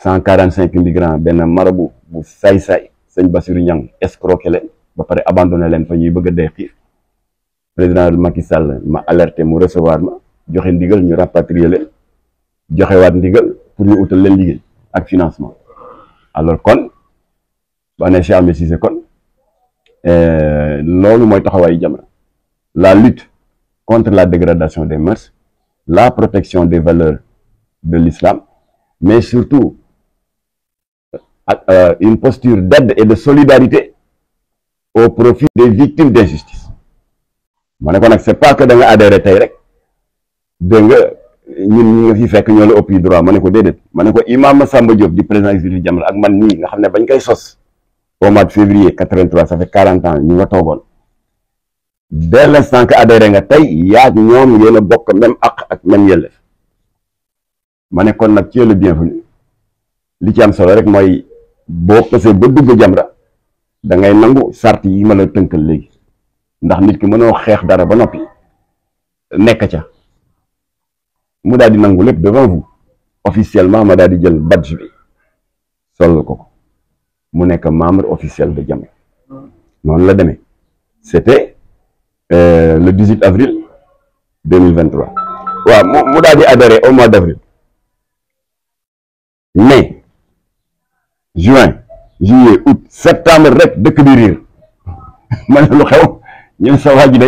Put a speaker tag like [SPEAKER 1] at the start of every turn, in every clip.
[SPEAKER 1] cent quarante cinq migrants benn marabu bu bu saay-saay sëñ Bassirou Niang escroqué leen ba pare abandonné leen fa ñuy bëgg a dee xiif président Macky Sall ma alerté mu recevoir ma joxe ndigal ñu rapatrier leen joxewaat ndigal pour ñu utal leen liggéey ak financement alors kon ba ne Cheikh Ahmed kon euh, loolu mooy taxawaayu Jamra la lutte contre la dégradation des mœurs la protection des valeurs de l'islam mais surtout Euh, une posture et de solidarité au profit des victimes d'injustice ma ne ko nag c'est pas que da nga adhéré tey rek dégg nga ñun ñi nga fi fekk ñoo la ëpp yi droit ma ne ko déedéet ma ne ko imam Samba Diop di président exécutif Jamra ak man nii nga xam ne bañ koy sos au mois de février 83 ça fait 40 ans ñu nga toogoon dès l'instant que adhéré nga tey yaat ñoom yéen a bokk même ak ak même yellef ma ne kon nag ci le bienvenu li ci am solo rek mooy boo xasee ba dugg jamra da ngay nangu sart yi ma la tënkal léegi ndax nit ki mënoo xeex dara ba noppi nekk ca mu daal di nangu lépp devant vous officiellement ma daal di jël badge bi sol ko ko mu nekk membre officiel de jam noonu la demee c'était euh, le 18 avril 2023 waaw mu mu daal di au mois d'avril mais juin juillet août septembre rek dëkk bi riir ma ne lu xew ñu sa waa ji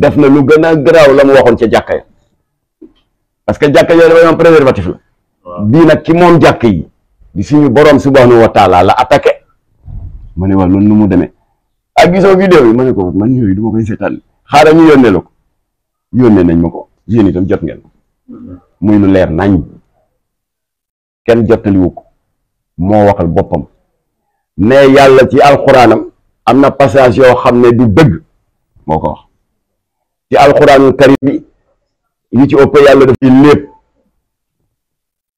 [SPEAKER 1] def na lu gën a garaaw la mu waxoon ca jàkka ya parce que jàkka yooyu dafay am préservatif la bii nag ki moom jàkk yi di suñu borom subhanahu wa taala la attaqué ma ne waa loolu nu mu demee ak ah, gisoo vidéo yi ma ne ko man yooyu du ma koy seetaan ko yónnee nañ ma ko yéen itam jot ngeen mm-hmm. muy lu leer nañ kenn jottaliwu ko moo waxal boppam mais yàlla ci alxuraanam am na passage yoo xam ne du dëgg moo ko wax ci alxuraan karim bi yi ci ëpp yàlla dafay lépp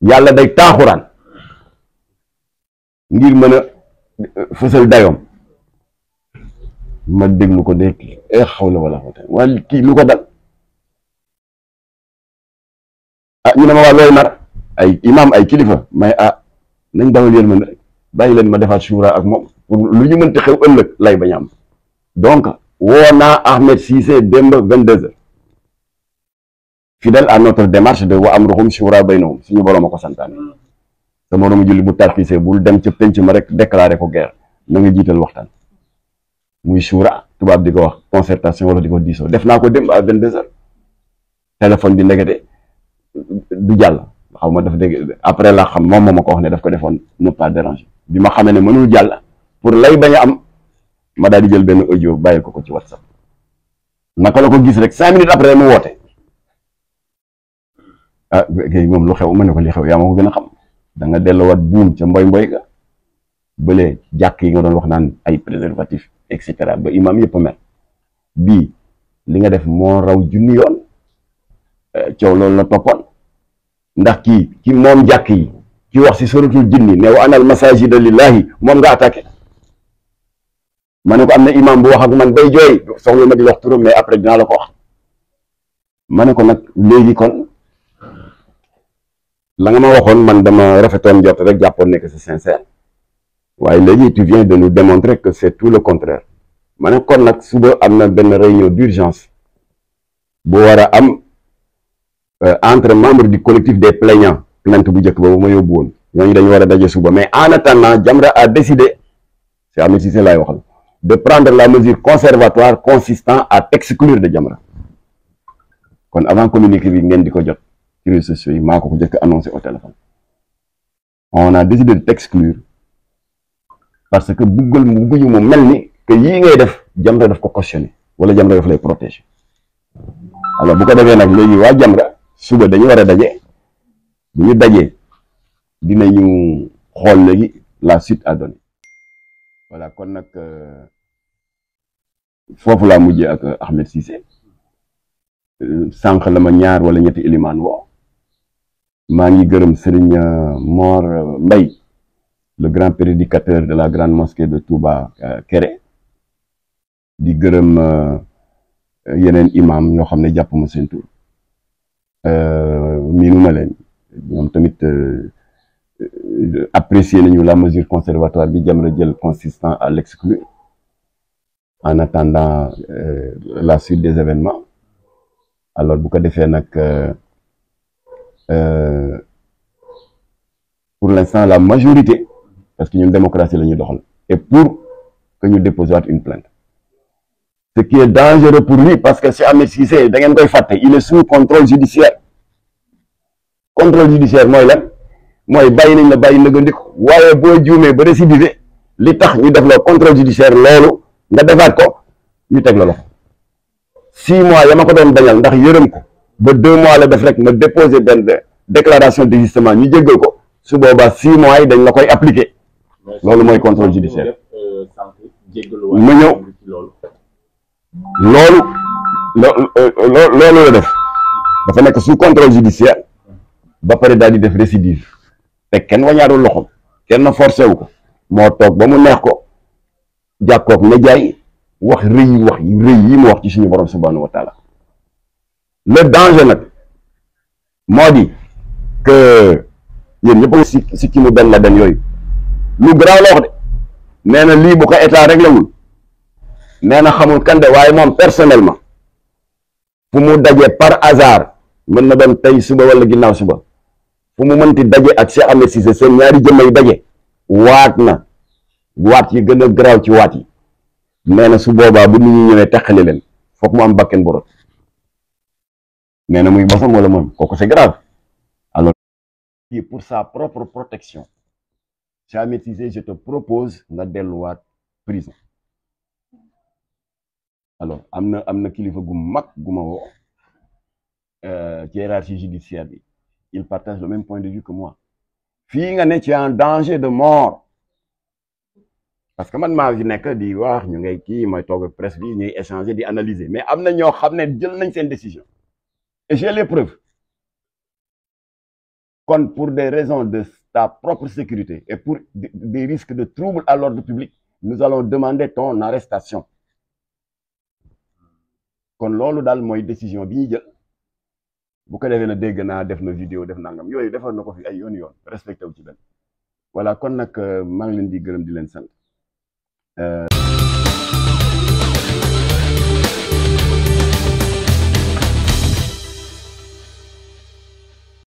[SPEAKER 1] yàlla day taaxuraan ngir mën a eh, fësal dayoom ma déglu ko de xaw eh, la wala kii lu ko dal ah ñu ne ma waa looy nar ay imaam ay kilifa may ah nañ dawal yéen man rek bàyyi leen ma defaat suura ak moom lu ñu mënti xew ëllëg lay bañ am donc woo naa Ahmed Cissé démb vingt deux heures fidèle à notre démarche de wa amruhum shura baynahum suñu borom a ko santaane te moroomu julli bu tarxiisee bul dem ca penc ma rek déclaré ko geer na nga jiital waxtaan muy suuraa tubaab di ko wax concertation wala di ko diisoo def naa ko démb ak vingt deux heures téléphone bi ndekete du jàll xaw ma daf dégg après laa xam moom moo ma ko wax ne daf ko defoon ne pas déranger bi ma xamee ne mënul jàll pour lay bañ a am ma daal di jël benn audio bàyyil ko ko ci whatsapp naka la ko gis rek cinq minutes après mu woote ah kay moom lu xew ma ne ko li xew yaa ma ko gën a xam da nga delluwaat buum ca mboy mboy ga bële jàkk yi nga doon wax naan ay préservatif et cetera ba imaam yëpp a mer bii li nga def moo raw junni yoon eh, coow loolu la toppoon ndax kii ki moom jàkk yi ki wax si suratul jinni ne wa anal masajida lillahi moom nga attaqué ma ne ko am na imam bu wax ak man day jooy soxla nag lox turam mais après dinaa la ko wax ne ko nag léegi kon la nga ma waxoon man dama rafetoon jot rek jàppoon ne nekk c'est sincère waaye léegi tu viens de nous démontrer que c'est tout le contraire ma ne kon nag suba am na benn réunion d'urgence bu war a am Euh, entre membres du collectif des plaignants plainte bu njëkk boobu ma yóbbu woon ñooñu dañu war a daje suba mais en attendant Jamra a décidé c'est Ahmed Cissé laay waxal de prendre la mesure conservatoire consistant à t'exclure de Jamra kon avant communiqué bi ngeen di ko jot ci réseaux sociaux yi maa ko ko njëkk annoncé au téléphone on a décidé de t'exclure parce que buggal mu bugguñu mu mel ni que yii ngay def Jamra def ko cautionné wala Jamra daf lay protéger alors bu ko defee nag léegi waa suba dañu war a daje bu ñu dajee dinañu xool léegi la suite à donner voilà kon nag euh, foofu laa mujjee ak euh, Ahmed Cissé euh, sanq la ma ñaar wala ñetti élimaan woo maa ngi gërëm Serigne Mor Mbaye le grand prédicateur de la grande mosquée de Touba Kéré di gërëm yeneen imam ñoo xam ne jàpp ma seen tur Euh, miinu ma leen ñoom tamit euh, euh, apprécier nañu la mesure conservatoire bi Jamra jël consistant à l'exclu en attendant la suite des événements alors bu ko defee nag pour l'instant la majorité parce que ñun démocratie la ñuy doxal et pour que ñu déposer une plainte ce qui est dangereux pour lui parce que Cheikh Ahmed Cissé da ngeen koy fàtte il est sous contrôle judiciaire contrôle judiciaire mooy lan mooy bàyyi nañ la bàyyi nëgandik waaye boo juumee ba récidivé li tax ñu def la contrôle judiciaire loolu nga defaat ko ñu teg la loxo six mois ya ma ko doon bañal ndax yërëm ko ba deux mois la def rek ma déposé benn déclaration d'existement ñu jéggal ko su boobaa six mois yi dañ la koy appliqué loolu mooy contrôle judiciaire euh, ma loolu loolu la def dafa nekk sous contrôle judiciaire ba pare daal di def récidive te kenn wañaarul loxo kenn forcé wu ko moo toog ba mu neex ko jàkkoog ne jaay wax rëy wax rëy yi mu wax ci suñu borom subhanahu wa taala le danger nag moo di que yéen ñëpp si si ki mu benn la den yooyu lu garaaw la wax de nee lii bu ko état réglé wul nee na xamul kan waaye moom personnellement fu mu daje par hasard mën na doon tey suba wala ginnaaw suba fu mu mënti daje ak Cheikh Ahmed Cissé seen ñaari jëmm daje waat na waat yi gën a garaaw ci waat yi nee na su boobaa bu nit ñi ñëwee teqale leen foog mu am bakken bu rot na muy bosam wala moom kooku c'est grave alors kii pour sa propre protection Cheikh Ahmed Cissé te propose nga delluwaat prison alors am na am na kilifa gum mag guma ma woo euh, ci hiérarchie bi il partage le même point de vue que moi fii nga ne ci en danger de mort parce que man maa ngi nekk di wax ñu ngay kii mooy toog presse bi ñuy échanger di analyser mais am na ñoo xam ne jël nañ seen décision et j'ai les preuves kon pour des raisons de ta propre sécurité et pour des risques de trouble à l'ordre public nous allons demander ton arrestation kon loolu daal mooy décision bi ñuy jël bu ko defee na dégg naa def na vidéo def nangam yooyu defal na ko fi ay yoon yoon respecté wu ci benn voilà kon nag euh, maa ngi leen di gërëm di leen sant euh,